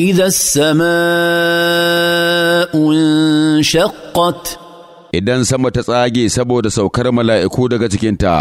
اذا السماء انشقت idan sama ta tsage saboda saukar mala'iku daga cikinta